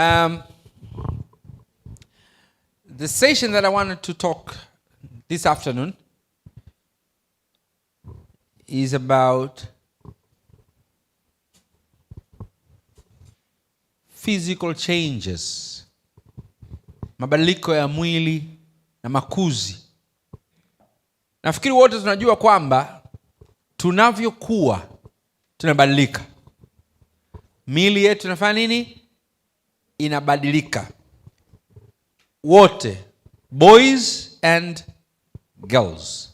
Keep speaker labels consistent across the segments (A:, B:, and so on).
A: Um, the session that I wanted to talk this afternoon is about physical changes, mabadiliko ya mwili na makuzi. Nafikiri wote tunajua kwamba tunavyokuwa tunabadilika, miili yetu inafanya nini? inabadilika, wote boys and girls,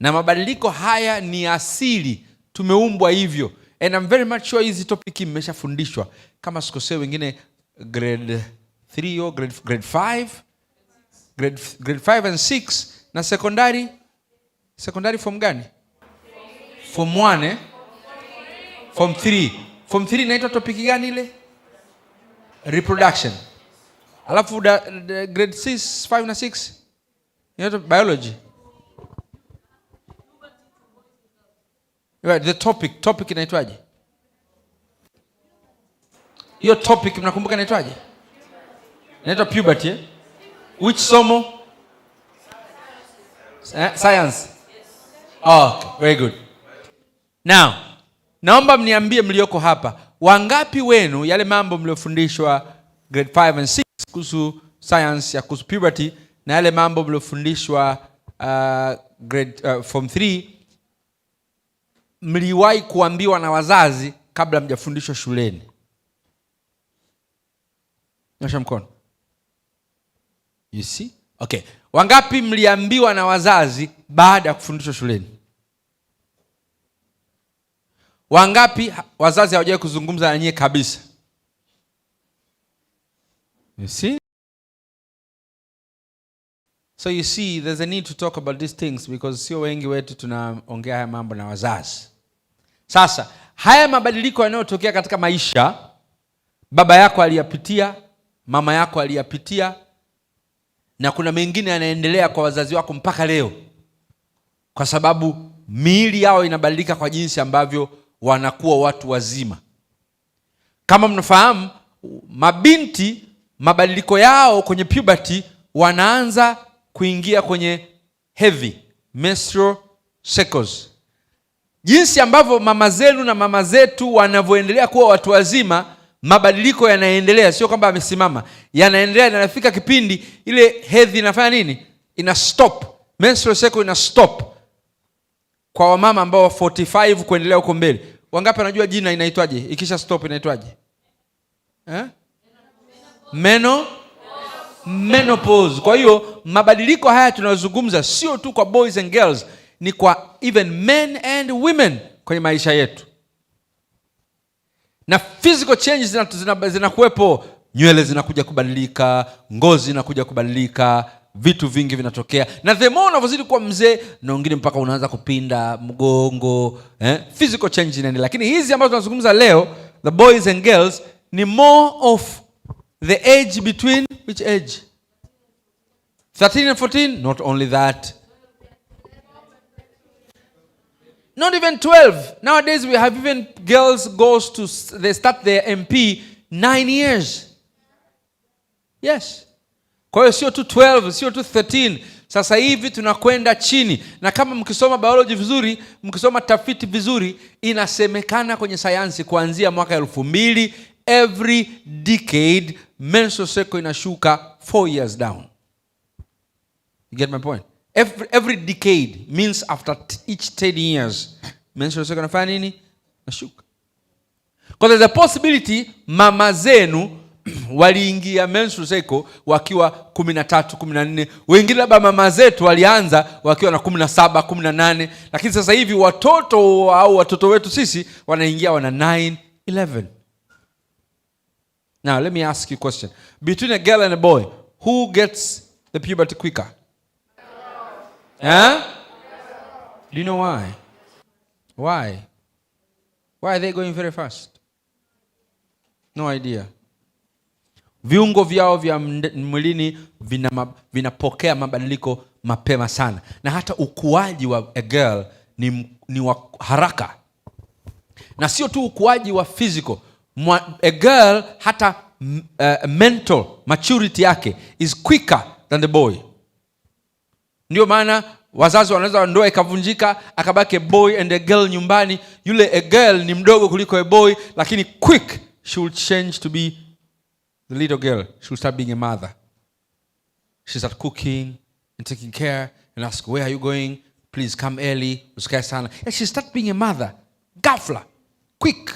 A: na mabadiliko haya ni asili, tumeumbwa hivyo. And I'm very much sure hizi topic mmeshafundishwa, kama sikosee, wengine grade 3 or grade 5 grade 5 and 6 na sekondari sekondari form gani? Form 1 eh? form 3 form 3 inaitwa topic gani ile? reproduction. Alafu da, da, grade 6, 5 na 6 inaitwa biology. Right, the topic, topic inaitwaje? Hiyo topic mnakumbuka inaitwaje? Inaitwa puberty eh? Which somo? Eh, science. Oh, very good. Now, naomba mniambie mlioko hapa Wangapi wenu yale mambo mliofundishwa grade 5 and 6 kuhusu science ya kuhusu puberty na yale mambo mliofundishwa uh, grade uh, form 3 mliwahi kuambiwa na wazazi kabla mjafundishwa shuleni? Nyosha mkono. You see? Okay. Wangapi mliambiwa na wazazi baada ya kufundishwa shuleni? Wangapi wazazi hawajawai kuzungumza na nyie kabisa? You see? So you see there's a need to talk about these things because sio wengi wetu tunaongea haya mambo na wazazi. Sasa haya mabadiliko yanayotokea katika maisha, baba yako aliyapitia, mama yako aliyapitia, na kuna mengine yanaendelea kwa wazazi wako mpaka leo, kwa sababu miili yao inabadilika kwa jinsi ambavyo wanakuwa watu wazima. Kama mnafahamu, mabinti mabadiliko yao kwenye puberty, wanaanza kuingia kwenye heavy menstrual cycles. Jinsi ambavyo mama zenu na mama zetu wanavyoendelea kuwa watu wazima, mabadiliko yanaendelea, sio kwamba amesimama, yanaendelea. Inafika kipindi ile hedhi inafanya nini? Ina stop, menstrual cycle ina stop kwa wamama ambao 45 kuendelea huko mbele, wangapi wanajua jina inaitwaje? Ikisha stop inaitwaje eh? Meno menopause. Kwa hiyo mabadiliko haya tunayozungumza sio tu kwa boys and girls, ni kwa even men and women kwenye maisha yetu, na physical changes zinakuwepo, zina, zina nywele zinakuja kubadilika, ngozi inakuja kubadilika vitu vingi vinatokea, na the more unavyozidi kuwa mzee na wengine mpaka unaanza kupinda mgongo eh? physical change nani, lakini hizi ambazo tunazungumza leo, the boys and girls ni more of the age between which age 13 and 14. Not only that, not even 12. Nowadays we have even girls goes to they start their MP 9 years. Yes. Kwa hiyo sio tu 12, sio tu 13. Sasa hivi tunakwenda chini, na kama mkisoma biology vizuri, mkisoma tafiti vizuri, inasemekana kwenye sayansi kuanzia mwaka elfu mbili every decade menstrual cycle inashuka 4 years down. You get my point? Every, every decade means after each 10 years menstrual cycle inafanya nini? Nashuka. Because there's a possibility mama zenu waliingia menstrual cycle wakiwa na nne Wengine labda mama zetu walianza wakiwa na kumi na nane lakini sasa hivi watoto au watoto wetu sisi wanaingia wana 9, 11. Now let me ask you question. Between a girl and a boy, who gets the puberty quicker? Do you know why? Why? Why are they going very fast? No idea viungo vyao vya mwilini vinapokea vina mabadiliko mapema sana, na hata ukuaji wa a girl ni, ni wa haraka, na sio tu ukuaji wa physical a girl, hata uh, mental maturity yake is quicker than the boy. Ndio maana wazazi wanaweza ndoa ikavunjika akabaki boy and a girl nyumbani. Yule a girl ni mdogo kuliko a boy, lakini quick she will change to be the little girl, she will start being a mother. She start cooking and taking care and ask, where are you going? Please come early. Usikae sana. And she start being a mother. gafla Quick.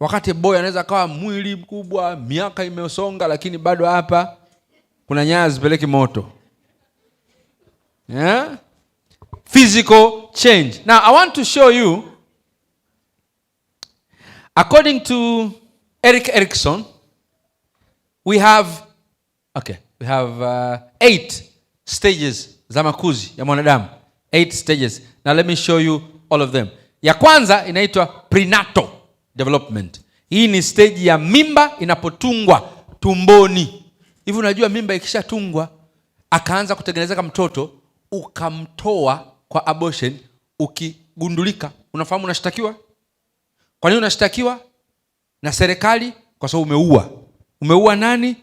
A: Wakati boy anaweza kawa mwili mkubwa, miaka imesonga, lakini bado hapa kuna nyaya zipeleki moto. Yeah? Physical change. Now I want to show you according to Eric Erickson we have okay, we have uh, eight stages za makuzi ya mwanadamu eight stages. Now let me show you all of them. Ya kwanza inaitwa prenatal development. Hii ni stage ya mimba inapotungwa tumboni. Hivi unajua mimba ikishatungwa akaanza kutengenezeka mtoto ukamtoa kwa abortion, ukigundulika, unafahamu unashtakiwa. Kwa nini unashtakiwa na serikali? Kwa sababu umeua umeua nani?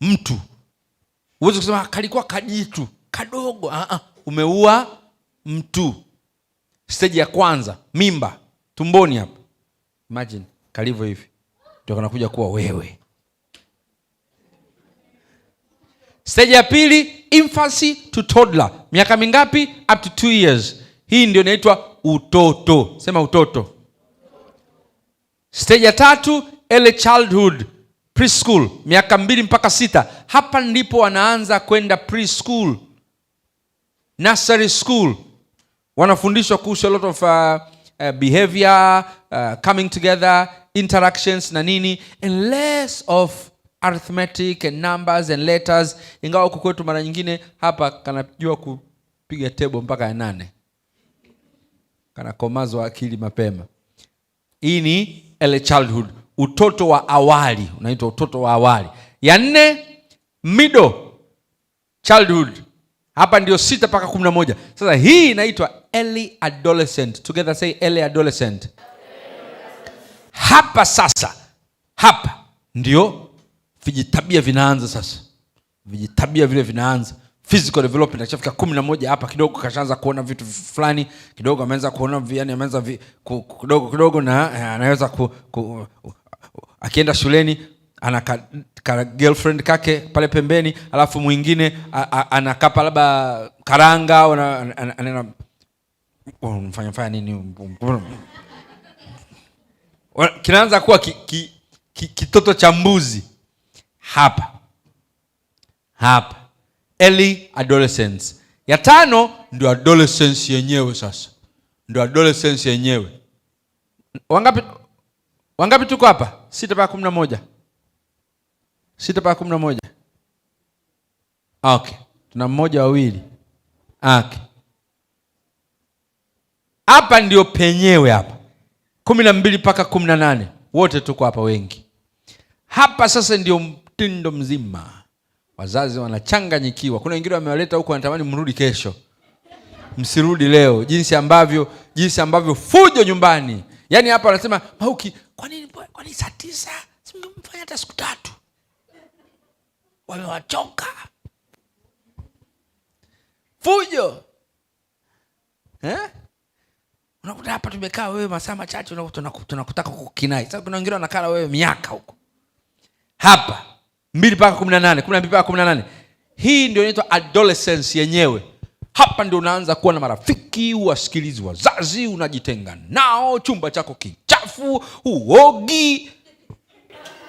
A: Mtu. uwezi kusema ah, kalikuwa kajitu kadogo. uh-uh. umeua mtu. Steji ya kwanza, mimba tumboni hapa, imagine kalivyo hivi, ndio kanakuja kuwa wewe. Steji ya pili, infancy to todla miaka mingapi? Up to two years. Hii ndio inaitwa utoto. Sema utoto. Steji ya tatu, early childhood preschool miaka mbili mpaka sita. Hapa ndipo wanaanza kwenda preschool, nursery school, wanafundishwa kuhusu a lot of uh, Uh, behavior uh, coming together interactions na nini and less of arithmetic and numbers and letters. Ingawa huku kwetu mara nyingine hapa kanajua kupiga tebo mpaka ya nane, kanakomazwa akili mapema. Hii ni early childhood utoto wa awali unaitwa utoto wa awali. Ya nne middle childhood, hapa ndio sita mpaka kumi na moja. Sasa hii inaitwa early adolescent. Together say early adolescent. Hapa sasa, hapa ndio vijitabia vinaanza sasa, vijitabia vile vinaanza physical development akishafika kumi na moja hapa kidogo kashaanza kuona vitu fulani kidogo, ameanza kuona yani ameanza kidogo kidogo, na eh, anaweza ku, ku, akienda shuleni ana ka, ka girlfriend kake pale pembeni, alafu mwingine anakapa labda karanga au anena unafanya oh, fanya nini, kinaanza kuwa ki, ki, ki, kitoto cha mbuzi hapa hapa, early adolescence. Ya tano ndio adolescence yenyewe. Sasa ndio adolescence yenyewe, wangapi Wangapi tuko hapa? Sita paka kumi na moja. Sita paka kumi na moja. Okay. Tuna mmoja wawili. Okay. Hapa ndio penyewe hapa. Kumi na mbili mpaka kumi na nane. Wote tuko hapa wengi. Hapa sasa ndio mtindo mzima. Wazazi wanachanganyikiwa. Kuna wengine wamewaleta huko wanatamani mrudi kesho. Msirudi leo jinsi ambavyo jinsi ambavyo fujo nyumbani Yaani hapa wanasema Mauki, kwanini nini saa tisa? hata siku tatu, wamewachoka fujo eh? Unakuta hapa tumekaa wewe masaa machache, tunakutaka kukinai. Sasa kuna wengine wanakaa wewe miaka huko hapa mbili mpaka kumi na nane kumi na mbili mpaka kumi na nane Hii ndio inaitwa adolescence yenyewe. Hapa ndio unaanza kuwa na marafiki, uwasikilizi wazazi, unajitenga nao, chumba chako kichafu, uogi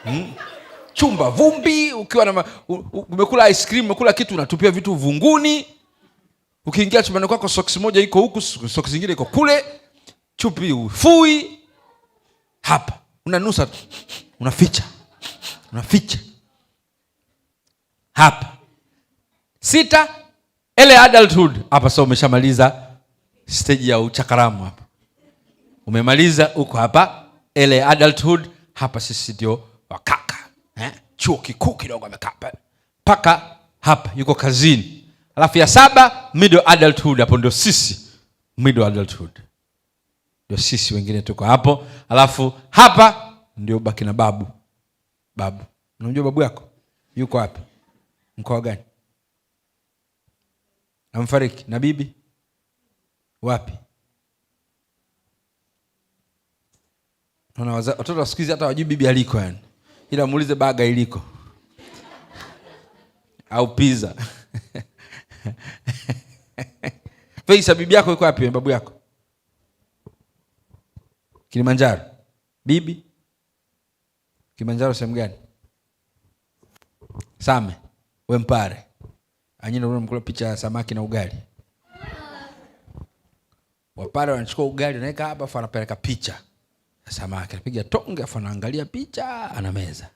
A: hmm. Chumba vumbi, ukiwa na umekula ice cream, umekula kitu, unatupia vitu vunguni. Ukiingia chumbani kwako, soksi moja iko huku, soksi nyingine iko kule, chupi ufui hapa, unanusa, unaficha, unaficha hapa sita ile adulthood hapa. So umeshamaliza stage ya uchakaramu hapa, umemaliza huko hapa ile adulthood hapa. Sisi ndio wakaka eh? chuo kikuu kidogo amekaa paka hapa, yuko kazini. Alafu ya saba middle adulthood, hapo ndio sisi middle adulthood ndio sisi wengine tuko hapo. Alafu hapa ndio baki na babu. Babu, unamjua babu yako yuko hapa Mkoa gani? amfariki na bibi wapi? Watoto wa hata wajui bibi aliko, yani ila muulize baga iliko au piza Feisa, bibi yako iko wapi? Babu yako Kilimanjaro. Bibi Kilimanjaro sehemu gani? Same Wempare Anyina ule picha ya samaki na ugali. Wapare wanachukua ugali wanaweka hapa, afu anapeleka picha ya samaki, anapiga tonge, afu anaangalia picha, anameza.